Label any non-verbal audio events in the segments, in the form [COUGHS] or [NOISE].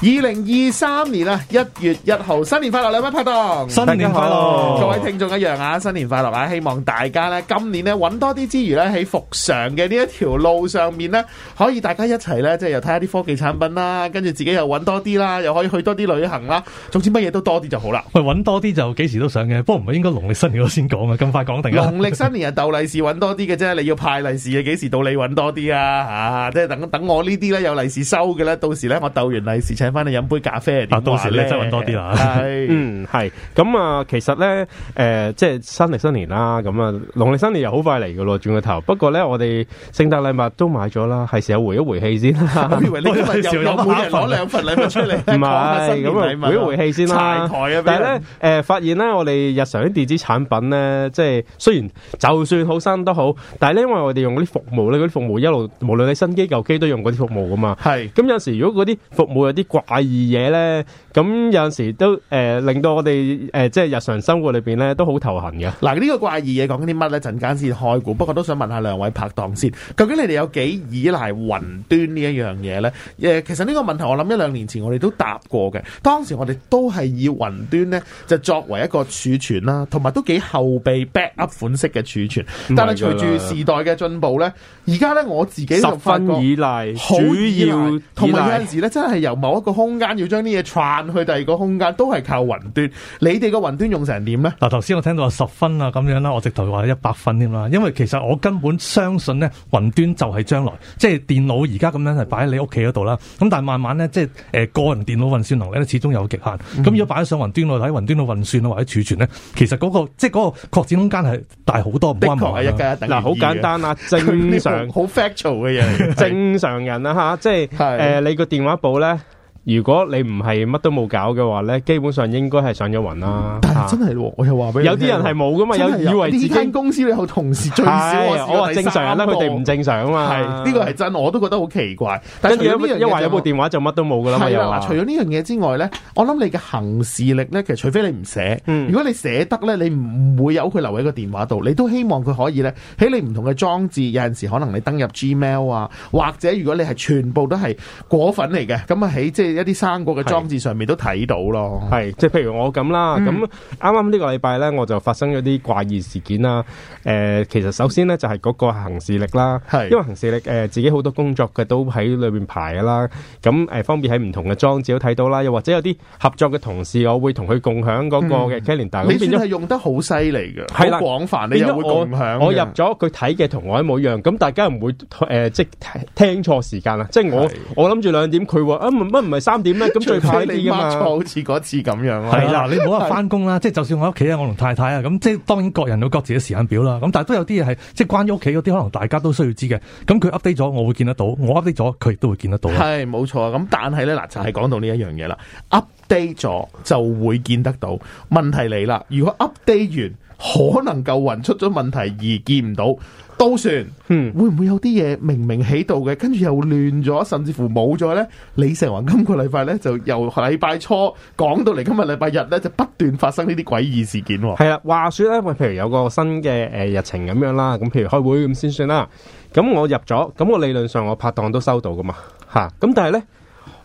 二零二三年啊一月一號，新年快樂，兩位拍檔，新年快樂，各位聽眾一樣啊，新年快樂啊！希望大家咧今年咧搵多啲之餘咧喺服常嘅呢一條路上面咧，可以大家一齊咧即係又睇下啲科技產品啦，跟住自己又搵多啲啦，又可以去多啲旅行啦，總之乜嘢都多啲就好啦。喂，搵多啲就幾時都想嘅，不過唔係應該農曆新年我先講啊，咁快講定啊？農曆新年啊，鬥利是搵多啲嘅啫，你要派利是啊，幾時到你搵多啲啊？吓、啊，即係等等我呢啲咧有利是收嘅咧，到時咧我鬥完利是翻去飲杯咖啡啊！到時咧，執運多啲啦。係，嗯係。咁啊，其實咧，誒、呃，即係新曆新年啦，咁啊，農曆新年又好快嚟噶咯，轉個頭。不過咧，我哋聖誕禮物都買咗啦，係時候回一回氣先啦。我以為呢啲禮物又有人攞兩份禮物出嚟，唔係咁啊，回一回氣先啦。但係咧，誒、呃，發現咧，我哋日常啲電子產品咧，即係雖然就算好新都好，但係咧，因為我哋用嗰啲服務咧，嗰啲服務一路無論你新機舊機都用嗰啲服務噶嘛。係。咁有時如果嗰啲服務有啲怪異嘢咧～咁有陣時都誒、呃、令到我哋誒、呃、即係日常生活裏邊咧都好頭痕嘅。嗱呢、這個怪異嘢講緊啲乜咧？陣間先開估，不過都想問下兩位拍檔先，究竟你哋有幾依賴雲端一呢一樣嘢咧？誒、呃，其實呢個問題我諗一兩年前我哋都答過嘅。當時我哋都係以雲端咧就作為一個儲存啦，同埋都幾後備 backup 款式嘅儲存。但係隨住時代嘅進步咧，而家咧我自己十分依賴，主要依賴，同埋有陣時咧真係由某一個空間要將啲嘢。辦去第二個空間都係靠雲端，你哋個雲端用成點咧？嗱，頭先我聽到話十分啦咁樣啦，我直頭話一百分添啦。因為其實我根本相信咧，雲端就係將來，即係電腦而家咁樣係擺喺你屋企嗰度啦。咁但係慢慢咧，即係誒個人電腦運算能力咧，始終有極限。咁、嗯、如果擺上雲端內喺雲端度運算啊或者儲存咧，其實嗰、嗰個即係嗰個擴展空間係大好多。的確係一嗱，好簡單啊，正常好 factual 嘅嘢， [LAUGHS] 正常人啦吓， [LAUGHS] 即係誒、呃、你個電話簿咧。如果你唔係乜都冇搞嘅話咧，基本上應該係上咗雲啦。但係真係喎、啊，我又話俾你，有啲人係冇噶嘛，有以為呢間公司有同事最少我知正常啦，佢哋唔正常啊嘛。係，呢個係真，我都覺得好奇怪。跟住一話有部電話就乜都冇㗎啦嘛。除咗呢樣嘢之外咧，我諗你嘅行事曆咧，其實除非你唔寫、嗯，如果你寫得咧，你唔會有佢留喺個電話度。你都希望佢可以咧喺你唔同嘅裝置，有陣時可能你登入 Gmail 啊，或者如果你係全部都係果粉嚟嘅，咁啊喺即一啲生果嘅裝置上面都睇到咯，係，即係譬如我咁啦，咁啱啱呢個禮拜咧我就發生咗啲怪異事件啦。誒、呃，其實首先咧就係嗰個行事力啦，係因為行事力誒、呃、自己好多工作嘅都喺裏邊排噶啦，咁、呃、誒方便喺唔同嘅裝置都睇到啦。又或者有啲合作嘅同事，我會同佢共享嗰個嘅 calendar、嗯。你算係用得好犀利嘅，係啦，那個、廣泛你又會共享的。我入咗佢睇嘅同我一模一樣，咁大家唔會誒、呃、即係聽錯時間啦，係啊！即係我我諗住兩點，佢話乜乜唔係。三點咧，咁最快你嘅嘛，錯好似嗰次咁樣。係啦，你唔好話翻工啦，即係就算我屋企啊，我同太太啊，咁即係當然各人有各自嘅時間表啦。咁但係都有啲嘢係即係關於屋企嗰啲，可能大家都需要知嘅。咁佢 update 咗，我會見得到；我 update 咗，佢亦都會見得到。係冇錯。咁但係咧嗱，就係講到呢一樣嘢啦，update 咗就會見得到。問題嚟啦，如果 update 完可能 iCloud 出咗問題而見唔到。都算，嗯，會唔會有啲嘢明明喺度嘅，跟住又亂咗，甚至乎冇咗呢？你成個今個禮拜呢，就由禮拜初講到嚟今日禮拜日呢，就不斷發生呢啲詭異事件。係啊，話說呢，喂，譬如有個新嘅誒日程咁樣啦，咁譬如開會咁先算啦。咁我入咗，咁我理論上我拍檔都收到噶嘛，吓。咁但係呢，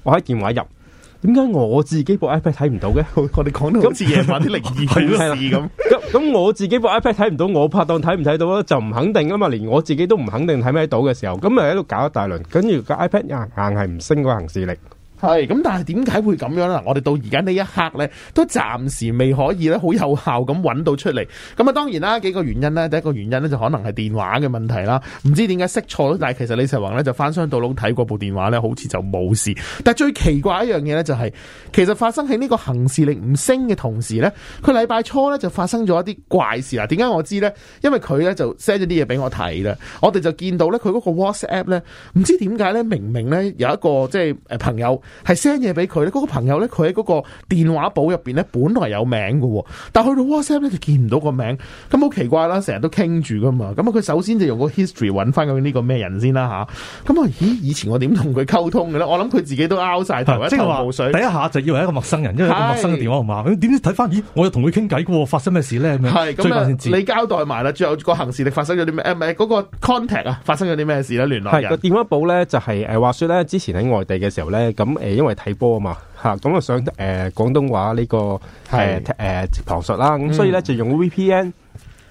我喺電話入。點解我自己部 iPad 睇唔到嘅？ [MUSIC] 我哋講到今次夜晚啲靈異事咁， [LAUGHS] 咁對咁 [LAUGHS] 我自己部 iPad 睇唔到，我拍檔睇唔睇到就唔肯定啦嘛，連我自己都唔肯定睇咩到嘅時候，咁咪喺度搞一大輪，跟住個 iPad 硬硬係唔升個行事力。係咁，但係點解會咁樣呢？我哋到而家呢一刻呢，都暫時未可以咧，好有效咁搵到出嚟。咁啊，當然啦，幾個原因呢，第一個原因呢，就可能係電話嘅問題啦。唔知點解識錯，但係其實李世宏呢，就翻箱倒籠睇過部電話呢，好似就冇事。但係最奇怪一樣嘢呢，就係其實發生喺呢個行事力唔升嘅同時呢，佢禮拜初呢就發生咗一啲怪事啦。點解我知呢？因為佢呢，就 send 咗啲嘢俾我睇啦。我哋就見到呢，佢嗰個 WhatsApp 呢，唔知點解呢，明明呢，有一個即係、誒、朋友，係 send 嘢俾佢咧，嗰、嗰個朋友咧，佢喺嗰個電話簿入邊咧，本來有名嘅，但去到 WhatsApp 咧就見唔到個名，咁好奇怪啦，成日都傾住噶嘛，咁啊佢首先就用個 history 揾翻佢呢個咩人先啦吓？咁啊咦以前我點同佢溝通嘅咧？我諗佢自己都拗晒頭，即係話一頭霧水、就是，第一下就以為一個陌生人，因為一個陌生嘅電話號碼，點知睇翻咦我又同佢傾偈嘅喎，發生咩事咧？係咁你交代埋啦，最後個行事歷發生咗啲咩？係咪嗰個 contact 啊？發生咗啲咩事咧？聯絡人電話簿咧就係誒話説咧，之前喺外地嘅時候咧咁。誒，因為睇波啊嘛，吓咁啊想誒廣東話呢、呢個誒旁、呃呃、述啦，咁、嗯、所以咧就用 VPN，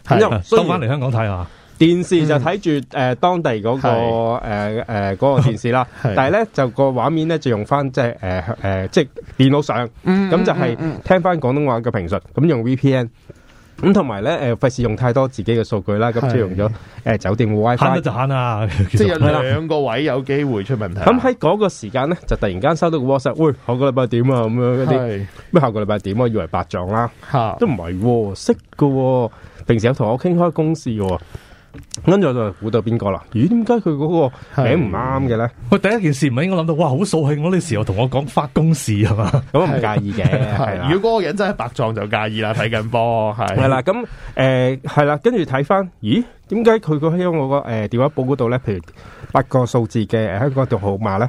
係啊，收翻嚟香港睇下，電視就睇住誒當地嗰、那個誒誒、呃呃嗰個電視啦， [LAUGHS] 是但係咧就個畫面咧就用翻、呃呃、即係誒誒即係電腦上，咁、嗯嗯嗯嗯嗯、就係聽翻廣東話嘅評述，咁用 VPN。咁同埋咧，誒費事用太多自己嘅數據啦，咁即係用咗誒、呃、酒店嘅 WiFi。慘就慘啊，即係有兩個位有機會出問題。咁喺嗰個時間咧，就突然間收到個 WhatsApp，喂，個啊、下個禮拜點啊？咁樣嗰啲咩？下個禮拜點啊？我以為白撞啦，都唔係、喔、識喎、喔。平時有同我傾開公司喎、喔。跟住我就估到邊個啦？咦，點解佢嗰個名唔啱嘅咧？我第一件事唔係應該諗到，哇，好掃興！我呢時候同我講發公事啊嘛，咁我唔介意嘅。如果嗰個人真係白撞就介意啦，睇 [LAUGHS] 緊波係。係啦，咁誒係啦，跟住睇翻咦，點解佢個喺我個誒、呃、電話簿嗰度咧？譬如八個數字嘅一個條號碼咧？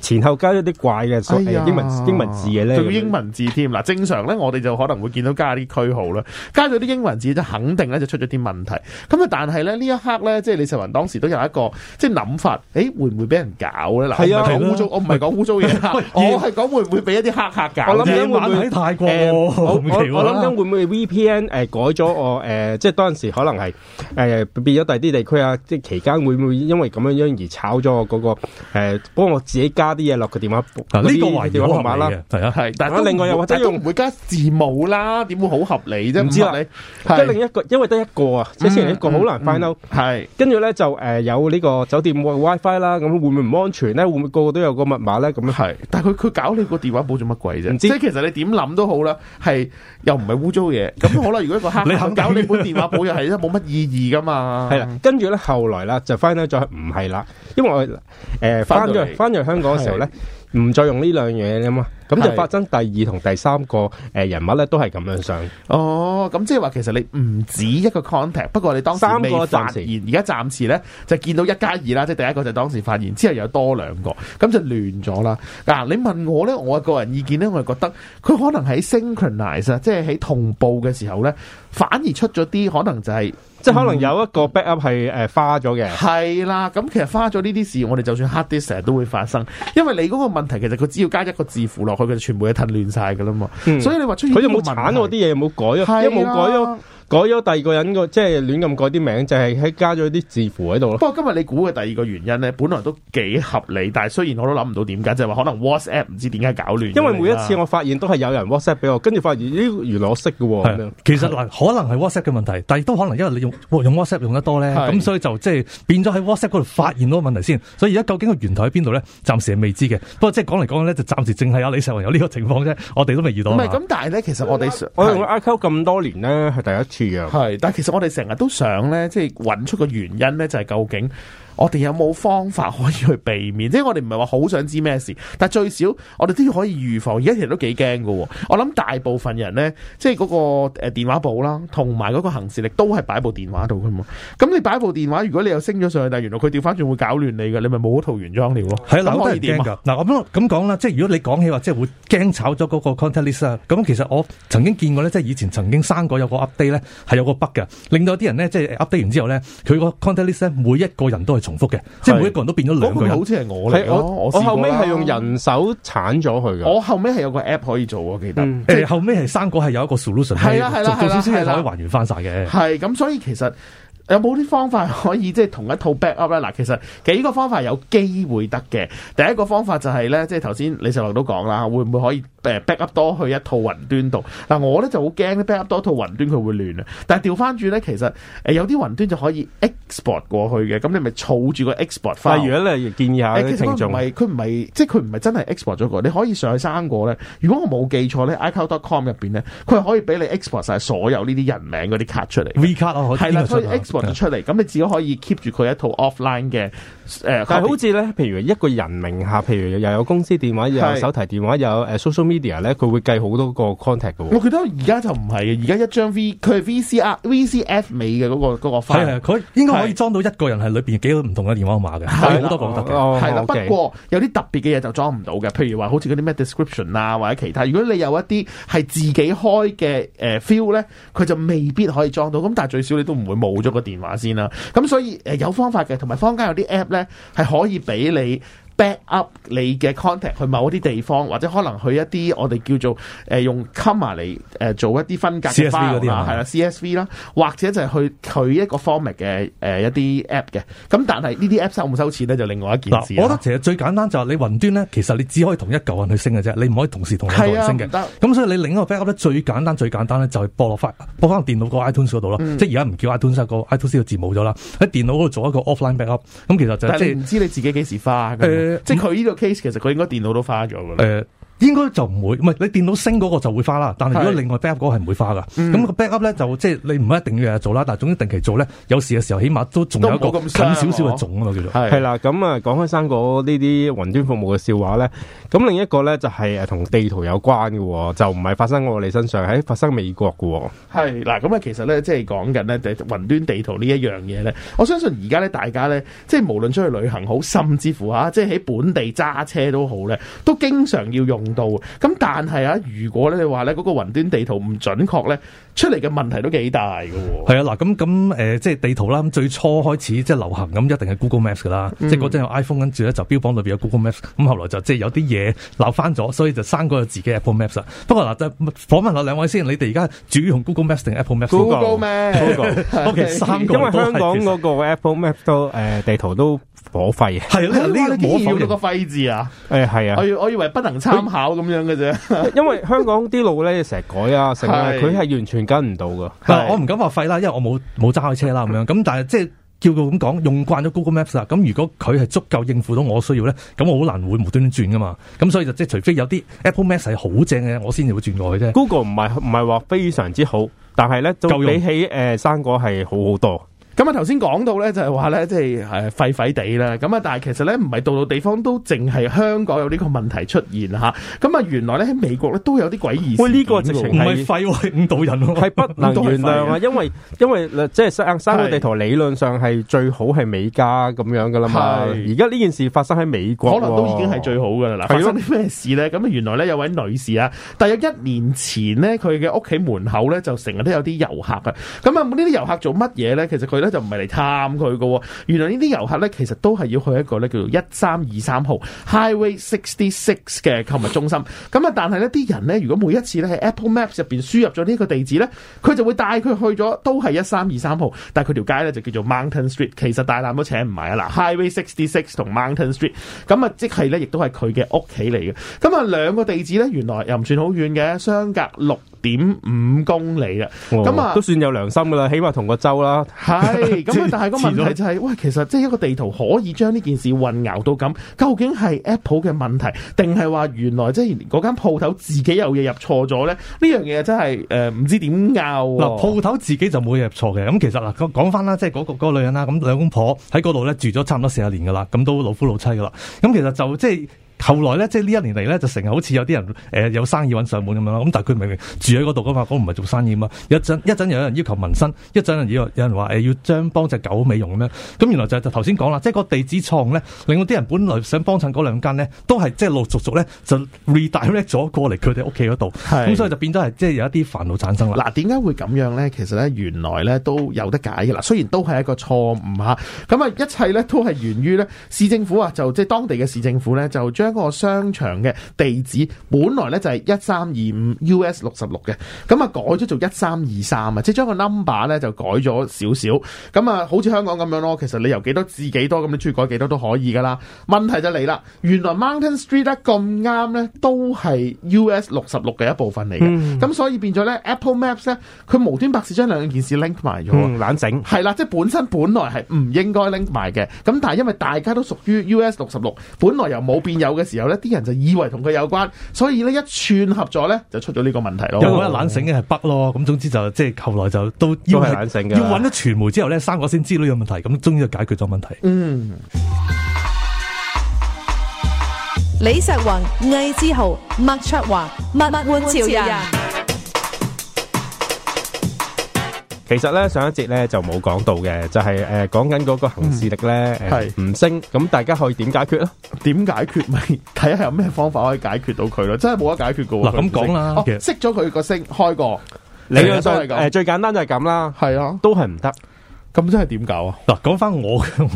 前後加咗啲怪嘅嘢、哎，英文英文字嘅咧，仲有英文字添。嗱，正常咧，我哋就可能會見到加啲區號啦，加咗啲英文字，就肯定咧就出咗啲問題。咁啊，但係咧呢一刻咧，即係李世雲當時都有一個即係諗法，誒、欸，會唔會俾人搞咧？係啊，污糟、啊，我唔係講污糟嘢，我係講 [LAUGHS] 會唔會俾一啲黑客搞？我諗緊會唔會？呃、我諗緊會唔會 VPN 誒改咗我誒、呃，即係當時可能係誒、呃、變咗第啲地區啊？即係期間會唔會因為咁樣樣而炒咗我嗰個誒幫我自己加？加啲嘢落個電話簿，呢個話電話號碼啦，係啊係。但係另外又或者用每加字母啦，點會好合理啫？唔知啊。即係另一個，因為得一個啊，即係千零一個，好難 find out。係跟住咧就誒有呢個酒店個 WiFi 啦，咁會唔會唔安全咧？會唔會個個都有個密碼咧？咁樣係。但係佢佢搞你個電話簿做乜鬼啫？唔知。即係其實你點諗都好啦，係又唔係污糟嘢。咁好啦，如果個黑你肯搞你本電話簿又係都冇乜意義噶嘛。係啦，跟住咧後來啦就 find out 再唔係啦，因為我誒翻咗翻咗香港。時候咧，唔再用呢兩樣嘢啦嘛。咁就發生第二同第三個人物咧，都係咁樣上。哦，咁即係話其實你唔止一個 contact，不過你當時未發現三個暫時而家暫時咧就見到一加二啦，即、就、係、是、第一個就當時發現之後有多兩個，咁就亂咗啦。嗱、啊，你問我咧，我個人意見咧，我就覺得佢可能喺 synchronize，即係喺同步嘅時候咧，反而出咗啲可能就係、是、即係可能有一個 backup 係誒花咗嘅。係、呃、啦，咁其實花咗呢啲事，我哋就算 hard disk，成日都會發生，因為你個問題其實佢只要加一個字符落。佢嘅全部嘢混亂晒㗎啦嘛，所以你話出現佢又冇鏟我啲嘢，冇改，因為冇改咯、啊。改咗第二個人個即係亂咁改啲名，就係、是、喺加咗啲字符喺度咯。不過今日你估嘅第二個原因咧，本來都幾合理，但係雖然我都諗唔到點解，就係、是、話可能 WhatsApp 唔知點解搞亂。因為每一次我發現都係有人 WhatsApp 俾我，跟住發現、欸、原來我識嘅喎。其實能可能係 WhatsApp 嘅問題，但係都可能因為你用用 WhatsApp 用得多咧，咁所以就即係、就是、變咗喺 WhatsApp 度發現到個問題先。所以而家究竟個源頭喺邊度咧？暫時係未知嘅。不過即係講嚟講咧，就暫時淨係有李世雲有呢個情況啫，我哋都未遇到。唔係咁，但係咧，其實我哋、嗯、我用 iCloud 咁多年咧，係第一次。係，但係其實我哋成日都想咧，即係揾出個原因咧，就係究竟。我哋有冇方法可以去避免？即係我哋唔係話好想知咩事，但係最少我哋都要可以預防。而家其實都幾驚嘅喎。我諗大部分人咧，即係嗰個誒電話簿啦，同埋嗰個行事力都係擺部電話度嘅嘛。咁你擺部電話，如果你又升咗上去，但原來佢調翻轉會搞亂你嘅，你咪冇套原裝料咯。係啊，我都係嗱我咯，咁講啦，即係如果你講起話，即係會驚炒咗嗰個 contact list 啊。咁其實我曾經見過咧，即係以前曾經生過有個 update 咧，係有個 bug 嘅，令到啲人咧即係 update 完之後咧，佢個 contact list 咧，每一個人都係。重複嘅，即係每一個人都變咗兩個人。好似係我嚟嘅，我我後尾係用人手鏟咗佢嘅。我後尾係有個 app 可以做，我記得。誒、嗯，後尾係生果係有一個 solution，係逐步先可以還原翻晒嘅。係咁，所以其實。有冇啲方法可以即係同一套 backup 咧？嗱，其實幾個方法有機會得嘅。第一個方法就係、是、咧，即係頭先李秀華都講啦，會唔會可以 backup 多去一套雲端度？嗱，我咧就好驚 backup 多套雲端佢會亂啊！但係調翻轉咧，其實有啲雲端就可以 export 過去嘅，咁你咪儲住個 export 翻。例如果你建議一下啲聽眾佢唔係佢唔即係佢唔係真係 export 咗個，你可以上去三過咧。如果我冇記錯咧 icloud.com 入面咧，佢可以俾你 export 晒所有呢啲人名嗰啲 card 出嚟。vCard 係啦，出嚟，咁你只可以 keep 住佢一套 offline 嘅。誒，但係好似咧，譬如一個人名下，譬如又有公司電話，又有手提電話，又有誒 social media 咧，佢會計好多個 contact 嘅、哦。我覺得而家就唔係嘅，而家一張 V，佢係 VCF、VCF 尾嘅嗰、嗰個嗰、嗰個、file。佢應該可以裝到一個人係裏面幾唔同嘅電話號碼嘅，係好多個得嘅。啦、哦哦 okay，不過有啲特別嘅嘢就裝唔到嘅，譬如話好似嗰啲咩 description 啊，或者其他。如果你有一啲係自己開嘅 feel 咧，佢就未必可以裝到。咁但最少你都唔會冇咗個電話先啦。咁所以誒有方法嘅，同埋坊間有啲 app 咧。係可以俾你。back up 你嘅 contact 去某一啲地方，或者可能去一啲我哋叫做誒、呃、用 comma 嚟誒做一啲分隔嘅 file 嘛，係啦，CSV 啦，啊啊、CSV，或者就係去佢一個 format 嘅誒一啲 app 嘅，咁但係呢啲 app 收唔收錢咧就另外一件事，我覺得其實最簡單就係、是、你雲端咧，其實你只可以同一嚿人去升嘅啫，你唔可以同時同一個人去升嘅。咁、啊、所以你另一個 backup 咧最簡單最簡單咧就係播落翻播翻電腦個 iTunes 嗰度啦，即係而家唔叫 iTunes 個 iTunes 個字冇咗啦，喺電腦嗰度做一個 offline backup。咁其實就係、是、唔知你自己幾時花。欸即係佢呢個 case，其實佢應該電腦都花咗噶啦。應該就唔會，唔係你電腦升嗰個就會花啦。但係如果另外 backup 嗰個係唔會花噶。咁、那個 backup 咧就即係、就是、你唔一定要日日做啦。但係總之定期做咧，有時嘅時候起碼都仲有一個咁少少嘅種啊嘛叫做。係啦，咁啊講開生果呢啲雲端服務嘅笑話咧，咁另一個咧就係誒同地圖有關嘅，就唔係發生我哋身上，喺發生美國嘅。係嗱，咁啊其實咧即係講緊咧，就雲、是、端地圖呢一樣嘢咧，我相信而家咧大家咧，即係無論出去旅行好，甚至乎吓，即係喺本地揸車都好咧，都經常要用。咁，但係啊，如果咧你話咧嗰個雲端地圖唔準確咧，出嚟嘅問題都幾大喎。係啊，嗱、嗯，咁咁誒，即係地圖啦。咁最初開始即係流行咁，一定係 Google Maps 噶啦，嗯。即係嗰陣有 iPhone，跟住咧就標榜裏邊有 Google Maps。咁後來就即係有啲嘢鬧翻咗，所以就生咗自己 Apple Maps 啦。不過嗱，就訪問，問下兩位先，你哋而家主要用 Google Maps 定 Apple Maps？Google 咩？Google。 [LAUGHS] Okay, O.K. 三個，因為香港嗰個 Apple Maps 都誒、呃，地圖都。火廢係 [LAUGHS] 啊，呢、這個火議個廢字啊，誒係啊，我我以為不能參考咁樣嘅啫，因為香港啲路咧成日改啊，成日佢係完全跟唔到噶但我唔敢話廢啦，因為我冇冇揸過車啦咁樣，咁但係即係叫佢咁講，用慣咗 Google Maps 啦，咁如果佢係足夠應付到我需要咧，咁我好難會無端端轉噶嘛，咁所以就即係除非有啲 Apple Maps 係好正嘅，我先至會轉過去啫。Google 唔係唔係話非常之好，但係咧就比起誒、呃、生果係好好多。咁啊，頭先講到咧，就係話咧，即係誒，廢廢地啦。咁啊，但係其實咧，唔係度度地方都淨係香港有呢個問題出現吓。咁啊，原來咧喺美國咧都有啲詭異。喂，呢、這個直情係唔係廢，係誤導人咯，啊，係不能原諒啊。因為 [LAUGHS] 因為即係三個地圖理論上係最好係美加咁樣噶啦嘛。而家呢件事發生喺美國，可能都已經係最好噶啦。嗱，發生啲咩事咧？咁啊，原來咧有位女士啊，大約一年前咧，佢嘅屋企門口咧就成日都有啲遊客啊。咁啊，呢啲遊客做乜嘢咧？其實佢就唔係嚟探佢噶，原來呢啲遊客呢，其實都係要去一個呢，叫做一三二三號 Highway Sixty Six 嘅購物中心。咁啊， [COUGHS] 但係呢啲人呢，如果每一次呢喺 Apple Maps 入邊輸入咗呢個地址呢，佢就會帶佢去咗，都係一三二三號，但係佢條街呢，就叫做 Mountain Street。其實大膽都請唔埋啊！嗱，Highway Sixty Six 同 Mountain Street，咁啊，即係呢，亦都係佢嘅屋企嚟嘅。咁啊，兩個地址呢，原來又唔算好遠嘅，相隔六點五公里啊。咁、哦、啊，都算有良心噶啦，起碼同個州啦。 [LAUGHS] 咁、欸、但係個問題就係、是，喂，其實即係一個地圖可以將呢件事混淆到咁，究竟係 Apple 嘅問題，定係話原來即係嗰間鋪頭自己有嘢入錯咗咧？呢、呃、樣嘢真係誒，唔知點拗嗱。鋪頭自己就冇嘢入錯嘅。咁其實嗱，講講返啦，即係嗰、嗰個嗰、嗰個女人啦，咁兩公婆喺嗰度咧住咗差唔多四十年㗎喇，咁都老夫老妻㗎喇。咁其實就即係。後來咧，即係呢一年嚟咧，就成日好似有啲人誒、呃、有生意揾上門咁樣咯。咁但係佢明明住喺嗰度噶嘛，我唔係做生意嘛。一陣一陣又有人要求紋身，一陣有人要陣有人話誒要將，呃、幫隻狗美容咁樣。咁原來就係頭先講啦，即係個地址錯咧，令到啲人本來想幫襯嗰兩間咧，都係即係陸續續咧就 redirect 咗過嚟佢哋屋企嗰度，咁所以就變咗係即係有一啲煩惱產生啦。嗱，點解會咁樣咧？其實咧，原來咧都有得解嘅啦。雖然都係一個錯誤嚇，咁啊一切咧都係源於咧市政府啊，就即係當地嘅市政府咧就將。一個商場嘅地址本來咧就係一三二五 U.S. 六十六嘅，咁啊改咗做一三二三啊，即係將個 number 咧就改咗少少，咁啊好似香港咁樣咯。其實你由幾多至幾多咁，你中意改幾多都可以噶啦。問題就嚟啦，原來 Mountain Street 咧咁啱咧都係 U.S. 六十六嘅一部分嚟嘅，咁所以變咗咧 Apple Maps 咧，佢無端白事將兩件事 link 埋咗，懶整係啦，即係本身本來係唔應該 link 埋嘅，咁但係因為大家都屬於 U.S. 六十六，本來又冇變有嘅時候咧，啲人就以為同佢有關，所以呢一串合作咧就出咗呢個問題咯。有冇得懶醒嘅係北咯？咁總之就即係後來就都要係懶醒嘅，要揾咗傳媒之後咧，三個先知道呢個問題，咁終於就解決咗問題。嗯，李石云、魏之豪、麥卓華、麥換潮人。其實咧，上一節咧、嗯、就冇講到嘅，就係誒講緊嗰個行事力咧係唔、嗯呃、升，咁大家可以點解決啊？點解決咪睇下有咩方法可以解決到佢咯？真係冇得解決噶。嗱咁講啦，識咗佢個升、哦、開過，你樣真係咁誒，最簡單就係咁啦，係啊，都係唔得。咁真係點搞啊？嗱，講翻我，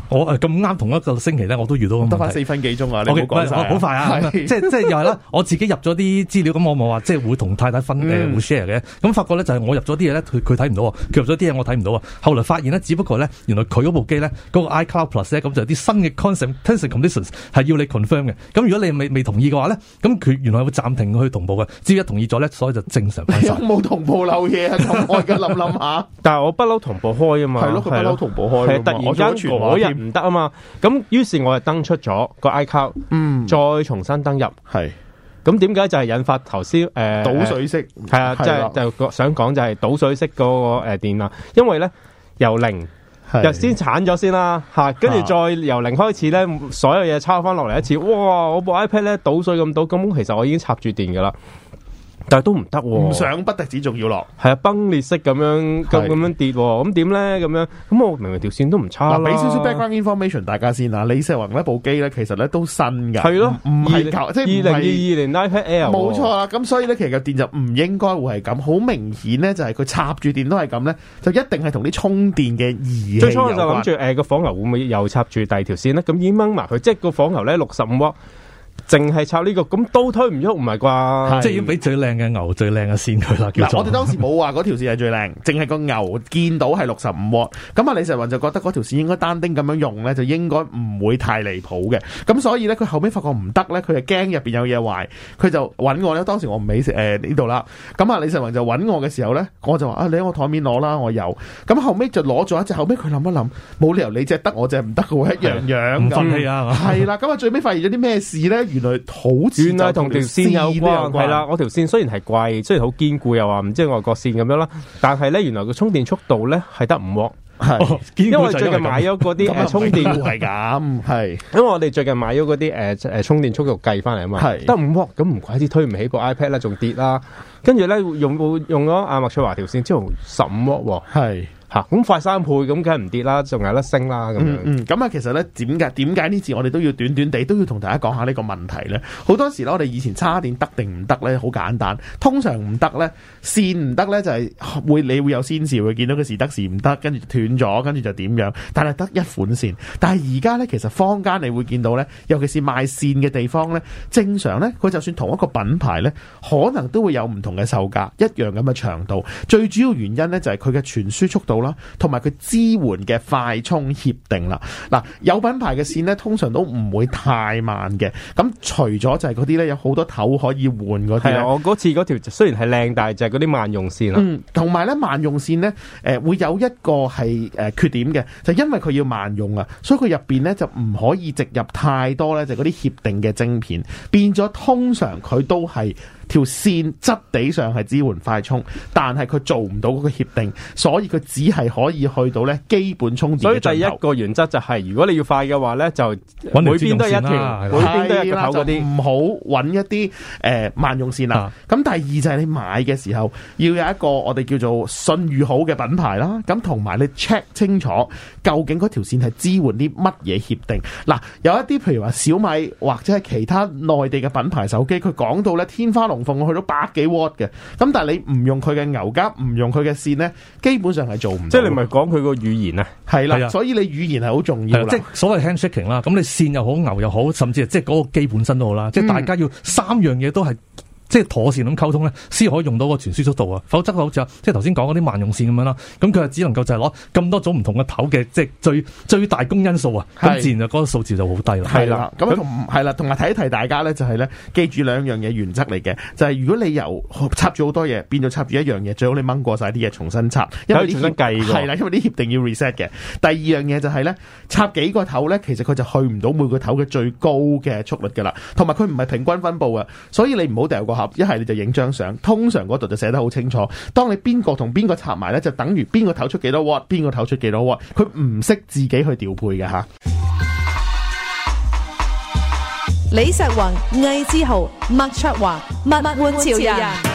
我咁啱同一個星期咧，我都遇到得翻四分幾鐘啊！你唔好講曬，好、okay, 快啊！即係即係又係啦， [LAUGHS] 我自己入咗啲資料，咁我冇話即係會同太太分誒、呃嗯、會 share 嘅。咁發覺咧就係、是、我入咗啲嘢咧，佢佢睇唔到，佢入咗啲嘢我睇唔到啊！後來發現咧，只不過咧，原來佢嗰部機咧，嗰、那個 iCloud Plus 咧，咁就有啲新嘅 condition terms and conditions 係要你 confirm 嘅。咁如果你未未同意嘅話咧，咁佢原來會暫停去同步嘅。只要一同意咗咧，所以就正常發生。有冇同步漏嘢啊？我而家諗諗下。但係我不嬲同步開啊嘛。係突然間嗰、那個、日唔得啊嘛，咁於是我就登出咗個 iCloud 嗯，再重新登入，係，咁點解就係、是、引發頭先誒，倒水式，係啊，即、就、係、是、就想講就係倒水式嗰個誒電腦，因為咧由零，又先鏟咗先啦，吓，跟住再由零開始咧，所有嘢抄翻落嚟一次，嗯，哇！我部 iPad 咧倒水咁倒，根本其實我已經插住電噶啦。但係都唔得、啊，唔想不得止仲要落，係啊，崩裂式咁樣咁咁樣跌、啊，咁點咧？咁樣咁我明明條線都唔差嗱，俾少少 background information 大家先嗱，李世宏呢部機咧，其實咧都新噶，係咯，唔係即係二零二二年 iPad Air，冇錯啦。咁所以咧，其實個電該就唔應該會係咁，好明顯咧，就係佢插住電都係咁咧，就一定係同啲充電嘅儀器。最初我就諗住誒個火牛會唔會又插住第二條線咧？咁已經掹埋佢，即係個火牛咧六十五淨係炒呢個咁都推唔喐，唔係啩？即係要俾最靚嘅牛最靚嘅線佢啦。嗱，我哋當時冇話嗰條線係最靚，淨係個牛見到係六十五 W 咁，啊，李石云就覺得嗰條線應該單丁咁樣用咧，就應該唔會太離譜嘅。咁所以咧，佢後尾發覺唔得咧，佢就驚入邊有嘢壞，佢就搵我咧。當時我唔喺誒呢度啦。咁、呃、啊，李石云就搵我嘅時候咧，我就話啊，你喺我台面攞啦，我有。咁後尾就攞咗一隻。後尾佢諗一諗，冇理由你隻得我隻唔得一樣樣。唔係啦，咁啊，最尾發現咗啲咩事咧？好似原來同條線有關，係啦。我條線雖然係貴，雖然好堅固，又話唔知係外國線咁樣啦。但係咧，原來個充電速度咧係得五 W。係、哦。因為最近買咗嗰啲充電係咁，係。 [LAUGHS] 因為我哋最近買咗嗰啲誒誒充電速度計翻嚟啊嘛，係得五 W 咁，唔怪之推唔起個 iPad 啦，仲跌啦。跟住咧用用咗阿麥翠華條線，之後十五 W 係。咁、啊、快三倍咁，梗係唔跌啦，仲有得升啦咁樣。咁、嗯、啊、嗯，其實呢，點解點解呢？字我哋都要短短地都要同大家講下呢個問題呢。好多時呢，我哋以前差點得定唔得呢？好簡單，通常唔得呢，線唔得呢，就係會你會有先兆，會見到佢時得時唔得，跟住斷咗，跟住就點樣？但係得一款線，但係而家呢，其實坊間你會見到呢，尤其是賣線嘅地方呢，正常呢，佢就算同一個品牌呢，可能都會有唔同嘅售價，一樣咁嘅長度，最主要原因呢，就係佢嘅傳輸速度。同埋佢支援嘅快充協定啦。嗱、啊，有品牌嘅線呢，通常都唔會太慢嘅。咁除咗就係嗰啲呢，有好多頭可以換嗰啲。啦，我嗰次嗰條雖然係靚，但係就係嗰啲慢用線啦。同、嗯、埋呢慢用線呢，誒、呃、會有一個係誒、呃、缺點嘅，就是、因為佢要慢用啊，所以佢入邊呢就唔可以植入太多呢，就嗰啲協定嘅晶片，變咗通常佢都係。條線質地上係支援快充，但係佢做唔到嗰個協定，所以佢只係可以去到咧基本充電。所以第一個原則就係、是，如果你要快嘅話呢就每邊都係一條，每邊都係一條，唔好揾一啲誒萬用線啦。咁、啊、第二就係你買嘅時候要有一個我哋叫做信譽好嘅品牌啦。咁同埋你 check 清楚究竟嗰條線係支援啲乜嘢協定。嗱，有一啲譬如話小米或者係其他內地嘅品牌手機，佢講到呢天花龍奉去到百幾瓦嘅，咁但係你唔用佢嘅牛夾，唔用佢嘅線呢，基本上係做唔。即係你咪講佢個語言咧，係啦、啊，所以你語言係好重要啦、啊。即係所謂 hand shaking 啦，咁你線又好，牛又好，甚至係即係嗰個機本身都好啦、嗯。即係大家要三樣嘢都係。即係妥善咁溝通咧，先可以用到個傳輸速度啊！否則好，好似即係頭先講嗰啲萬用線咁樣啦。咁佢係只能夠就係攞咁多種唔同嘅頭嘅，即係最最大公因素啊。咁自然就嗰個數字就好低啦。係啦，咁係啦，同埋、嗯、提一提大家咧，就係咧，記住兩樣嘢原則嚟嘅，就係、是、如果你由插住好多嘢變咗插住一樣嘢，最好你掹過晒啲嘢重新插，因為啲先計喎。係啦，因為啲協定要 reset 嘅。第二樣嘢就係、是、咧，插幾個頭咧，其實佢就去唔到每個頭嘅最高嘅速率㗎啦。同埋佢唔係平均分布啊。所以你唔好掉個。一係你就影張相，通常嗰度就寫得好清楚。當你邊個同邊個插埋咧，就等於邊個投出幾多 Watt，邊個投出幾多 Watt，佢唔識自己去調配嘅吓。李石雲、魏之豪、麥卓華、麥換潮人。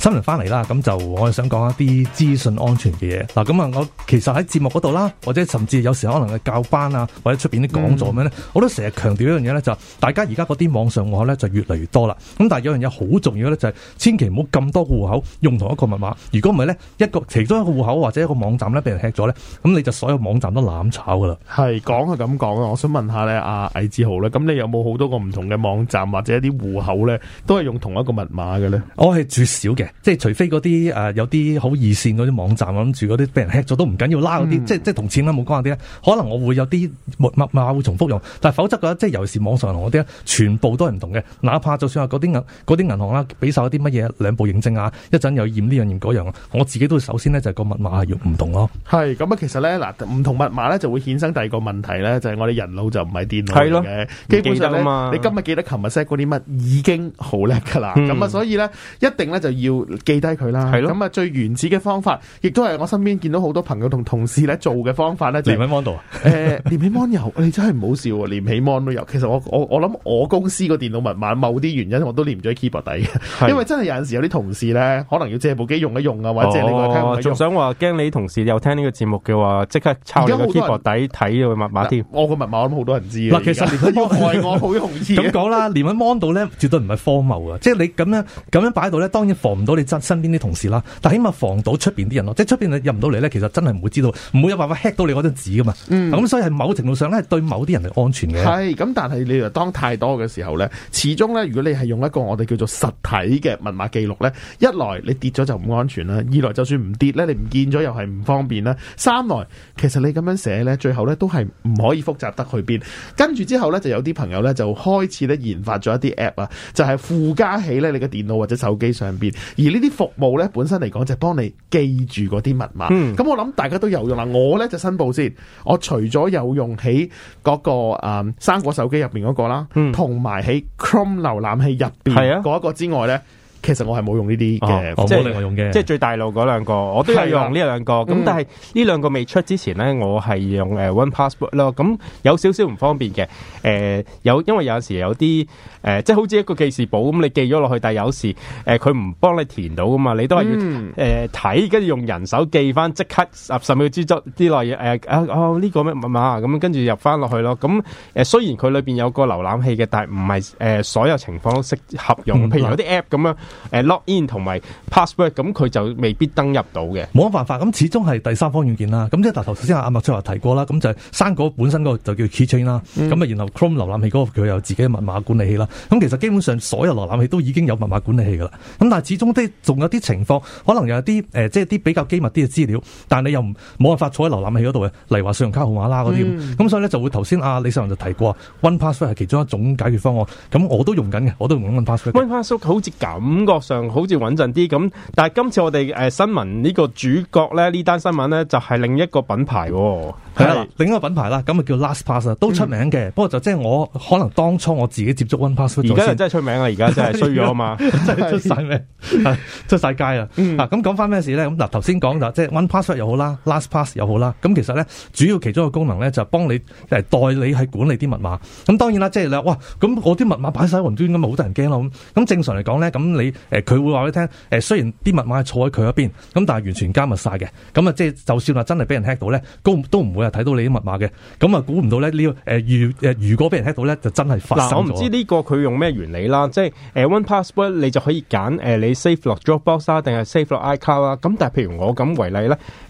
新聞翻嚟啦，咁就我哋想講一啲資訊安全嘅嘢嗱，咁啊我其實喺節目嗰度啦，或者甚至有時可能嘅教班啊，或者出邊啲講座咁呢，咧、嗯，我都成日強調一樣嘢咧，就係，大家而家嗰啲網上戶口咧就越嚟越多啦。咁但係有樣嘢好重要咧，就係，就係千祈唔好咁多戶口用同一個密碼。如果唔係咧，一個其中一個戶口或者一個網站咧被人吃咗咧，咁你就所有網站都攬炒噶啦。係講係咁講啊，我想問下咧阿、啊、魏志豪咧，咁你有冇好多個唔同嘅網站或者一啲戶口咧，都係用同一個密碼嘅咧？我係最少嘅。即係除非嗰啲誒有啲好二線嗰啲網站，諗住嗰啲俾人 hack 咗都唔緊要，拉嗰啲即係即係同錢咧冇關嗰啲咧，可能我會有啲密碼重複用，但係否則嘅即係尤其是網上銀行嗰啲全部都係唔同嘅，哪怕就算話嗰啲銀啲銀行啦，俾晒啲乜嘢兩步驗證啊，一陣又驗呢樣驗嗰樣，我自己都首先呢，就個密碼係要唔同咯。係咁啊，其實咧嗱，唔同密碼咧就會衍生第二個問題咧，就係、是、我哋人腦就唔係電腦嘅，基本上咧你今日記得琴日 set 嗰啲乜已經好叻噶啦，咁、嗯、啊所以咧一定咧就要。記低佢啦，咁啊，最原始嘅方法，亦都係我身邊見到好多朋友同同事咧做嘅方法咧，連、就係、起 mon 度、呃、啊，誒， [LAUGHS] 起 mon 油，你真係唔好笑啊！連起 mon 都有，其實我我我諗我公司個電腦密碼，某啲原因我都連咗喺 keyboard 底，因為真係有陣時有啲同事咧，可能要借部機用一用啊，或者借你個，哦，仲想話驚你同事又聽呢個節目嘅話，即刻抄你個 keyboard 底睇個密碼添，我個密碼我諗好多人知啊，嗱，其實你妨礙我好容易，咁講啦，連喺 mon 度咧，絕對唔係荒謬啊。 [LAUGHS] 即係你咁樣咁樣擺度當然防到你身邊啲同事啦，但起碼防到出邊啲人咯，即係出邊你入唔到嚟咧，其實真係唔會知道，唔會有辦法 hit 到你嗰張紙噶嘛。咁、嗯啊、所以係某程度上咧，對某啲人係安全嘅。係咁，但係你當太多嘅時候咧，始終咧，如果你係用一個我哋叫做實體嘅密碼記錄咧，一來你跌咗就唔安全啦，二來就算唔跌咧，你唔見咗又係唔方便啦，三來其實你咁樣寫咧，最後咧都係唔可以複雜得去邊。跟住之後咧，就有啲朋友咧就開始咧研發咗一啲 app 啊，就係附加起咧你嘅電腦或者手機上邊。而呢啲服務咧，本身嚟講就幫你記住嗰啲密碼。咁、嗯、我諗大家都有用啦。我咧就申報先。我除咗有用喺嗰、那個誒、嗯、生果手機入邊嗰個啦，同埋喺 Chrome 瀏覽器入邊嗰個之外咧。嗯其實我係冇用呢啲嘅，即係另外用嘅，即係最大路嗰兩個，我都有用呢兩個。咁但係呢兩個未出之前咧，我係用誒 One Passport 咯。咁、uh, 嗯、有少少唔方便嘅，誒、呃、有因為有陣時候有啲誒、呃，即係好似一個記事簿咁，你記咗落去，但係有時誒佢唔幫你填到噶嘛，你都係要誒睇，跟、嗯、住、呃、用人手記翻，即刻十秒之內誒啊哦呢、這個咩嘛咁，跟住、嗯、入翻落去咯。咁、呃、誒雖然佢裏邊有個瀏覽器嘅，但係唔係誒所有情況都適合用、嗯，譬如有啲 app 咁樣。誒、呃、lock in 同埋 password，咁佢就未必登入到嘅，冇辦法。咁始終係第三方軟件啦。咁即係頭頭先阿阿麥卓華提過啦，咁就係生果本身嗰個就叫 keychain 啦。咁、嗯、啊，然後 Chrome 瀏覽器嗰、那個佢有自己嘅密碼管理器啦。咁其實基本上所有瀏覽器都已經有密碼管理器噶啦。咁但係始終都仲有啲情況，可能有啲誒、呃，即係啲比較機密啲嘅資料，但係你又冇辦法坐喺瀏覽器嗰度嘅。例如話信用卡號碼啦嗰啲，咁、嗯、所以咧就會頭先阿李秀文就提過，one password 係其中一種解決方案。咁我都用緊嘅，我都用緊 one password。one password 好似咁。感覺上好似穩陣啲咁，但係今次我哋誒新聞呢個主角咧，呢單新聞咧就係另一個品牌喎。係啦，另一個品牌啦，咁啊叫 LastPass 啦，都出名嘅、嗯。不過就即係我可能當初我自己接觸 OnePass，而家又真係出名， [LAUGHS] 出名 [LAUGHS] 出了了、嗯、啊！而家真係衰咗嘛，真係出晒名，出晒街啊！咁講翻咩事咧？咁嗱，頭先講就即、是、係 OnePass 又好啦，LastPass 又好啦。咁其實咧，主要其中一個功能咧就幫、是、你誒代理你去管理啲密碼。咁、嗯、當然啦，即係你話哇，咁嗰啲密碼擺晒雲端咁，咪好多人驚咯咁。正常嚟講咧，咁你誒佢、呃、會話你聽，誒、呃、雖然啲密碼係坐喺佢邊，咁但係完全加密晒嘅。咁啊，即係就算話真係俾人 hack 到咧，都都唔會。睇到你啲密碼嘅，咁啊估唔到咧，呢個誒如誒如果俾人聽到咧，就真係發火。我唔知呢個佢用咩原理啦，即係誒 OnePassword 你就可以揀誒你 save 落 Dropbox 啊，定係 save 落 iCloud 啊。咁但係譬如我咁為例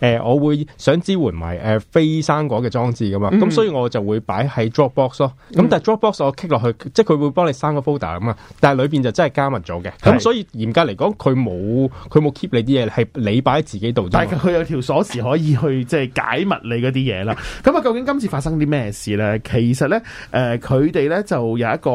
咧，誒我會想支援埋誒非生果嘅裝置噶嘛，咁、嗯、所以我就會擺喺 Dropbox 咯。咁但係 Dropbox 我 click 落去，即係佢會幫你生個 folder 咁啊。但係裏邊就真係加密咗嘅，咁所以嚴格嚟講，佢冇佢冇 keep 你啲嘢，係你擺喺自己度。但係佢有條鎖匙可以去即係解密你嗰啲嘢。咁啊，究竟今次發生啲咩事咧？其實咧，誒、呃，佢哋咧就有一個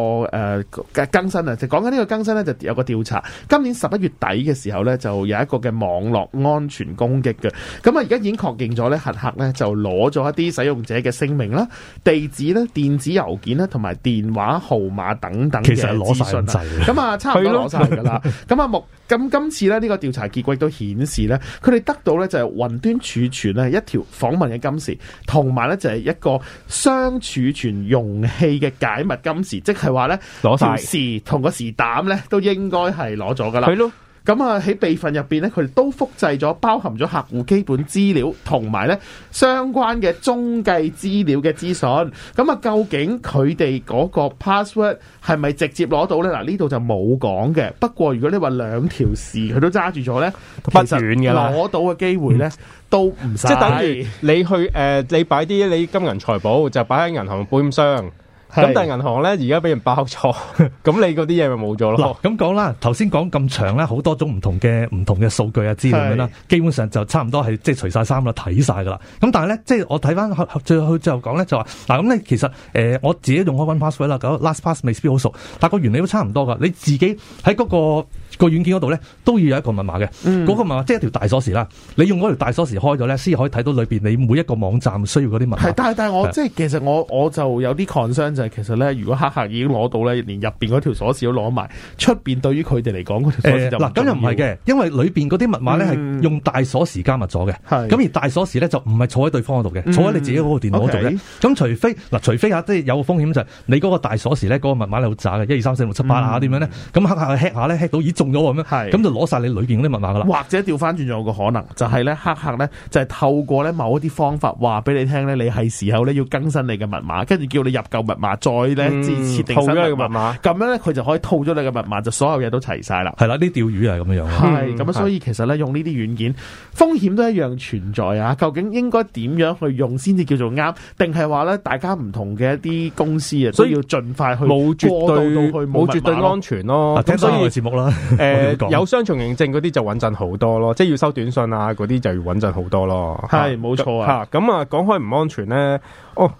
誒更新啊，就講緊呢個更新咧，就有個調查。今年十一月底嘅時候咧，就有一個嘅、呃就是、網絡安全攻擊嘅。咁啊，而家已經確認咗咧，黑客咧就攞咗一啲使用者嘅姓名啦、地址咧、電子郵件啦、同埋電話號碼等等嘅資訊啊。其實係攞晒。咁啊，差唔多攞晒噶啦。咁啊，咁今次咧呢、這個調查結果亦都顯示咧，佢哋得到咧就係、是、雲端儲存啊一條訪問嘅金匙。同埋咧就係一個相儲存容器嘅解密金匙，即係話咧攞晒匙同個匙膽咧都應該係攞咗噶啦。咁啊，喺備份入邊咧，佢哋都複製咗，包含咗客戶基本資料同埋咧相關嘅中繼資料嘅資訊。咁啊，究竟佢哋嗰個 password 係咪直接攞到咧？嗱，呢度就冇講嘅。不過如果你話兩條事佢都揸住咗咧，其實攞到嘅機會咧都唔使、嗯、即係等於你去誒、呃，你擺啲你金銀財寶就擺喺銀行保險箱。咁但係銀行咧，而家俾人爆咗，咁 [LAUGHS] 你嗰啲嘢咪冇咗咯？咁講啦，頭先講咁長咧，好多種唔同嘅唔同嘅數據啊之類咁啦， [LAUGHS] 基本上就差唔多係即係除晒衫啦，睇晒噶啦。咁但係咧，即係我睇翻最最後講咧，就話嗱，咁呢其實誒、呃，我自己用開 1Password 啦，咁 LastPass 未必好熟，但個原理都差唔多噶。你自己喺嗰、那個。個軟件嗰度咧都要有一個密碼嘅，嗰、嗯嗰個密碼即係一條大鎖匙啦。你用嗰條大鎖匙開咗咧，先可以睇到裏邊你每一個網站需要嗰啲密碼。但係但係我即係其實我我就有啲 concern 就係、是、其實咧，如果黑客，客已經攞到咧，連入邊嗰條鎖匙都攞埋，出邊對於佢哋嚟講嗰條鎖匙就，嗱，咁又唔係嘅，因為裏邊嗰啲密碼咧係用大鎖匙加密咗嘅，係、嗯、咁而大鎖匙咧就唔係坐喺對方嗰度嘅，坐喺你自己嗰部電腦度嘅。咁、嗯 okay. 除非嗱，除非吓，即係有個風險就係你嗰個大鎖匙咧，嗰個密碼係好渣嘅，一二三四五六七八啊點樣咧？咁黑客去 hack 下咧，hack 到咗咁樣，係咁就攞晒你裏邊啲密碼噶啦。或者調翻轉有個可能，就係咧黑客咧就係、是、透過咧某一啲方法話俾你聽咧，你係時候咧要更新你嘅密碼，跟住叫你入舊密碼再咧至設定咗、嗯、你嘅密碼。咁樣咧佢就可以套咗你嘅密碼，就所有嘢都齊晒啦。係啦，啲釣魚係咁樣樣。係咁所以其實咧用呢啲軟件風險都一樣存在啊。究竟應該點樣去用先至叫做啱？定係話咧大家唔同嘅一啲公司啊，所以要盡快去冇絕對冇絕對安全咯。聽節目啦。誒、 [LAUGHS] 呃，有雙重認證嗰啲就穩陣好多咯，即係要收短信啊嗰啲就要穩陣好多咯。係， [LAUGHS] 冇錯啊。咁啊，講開唔安全咧，哦，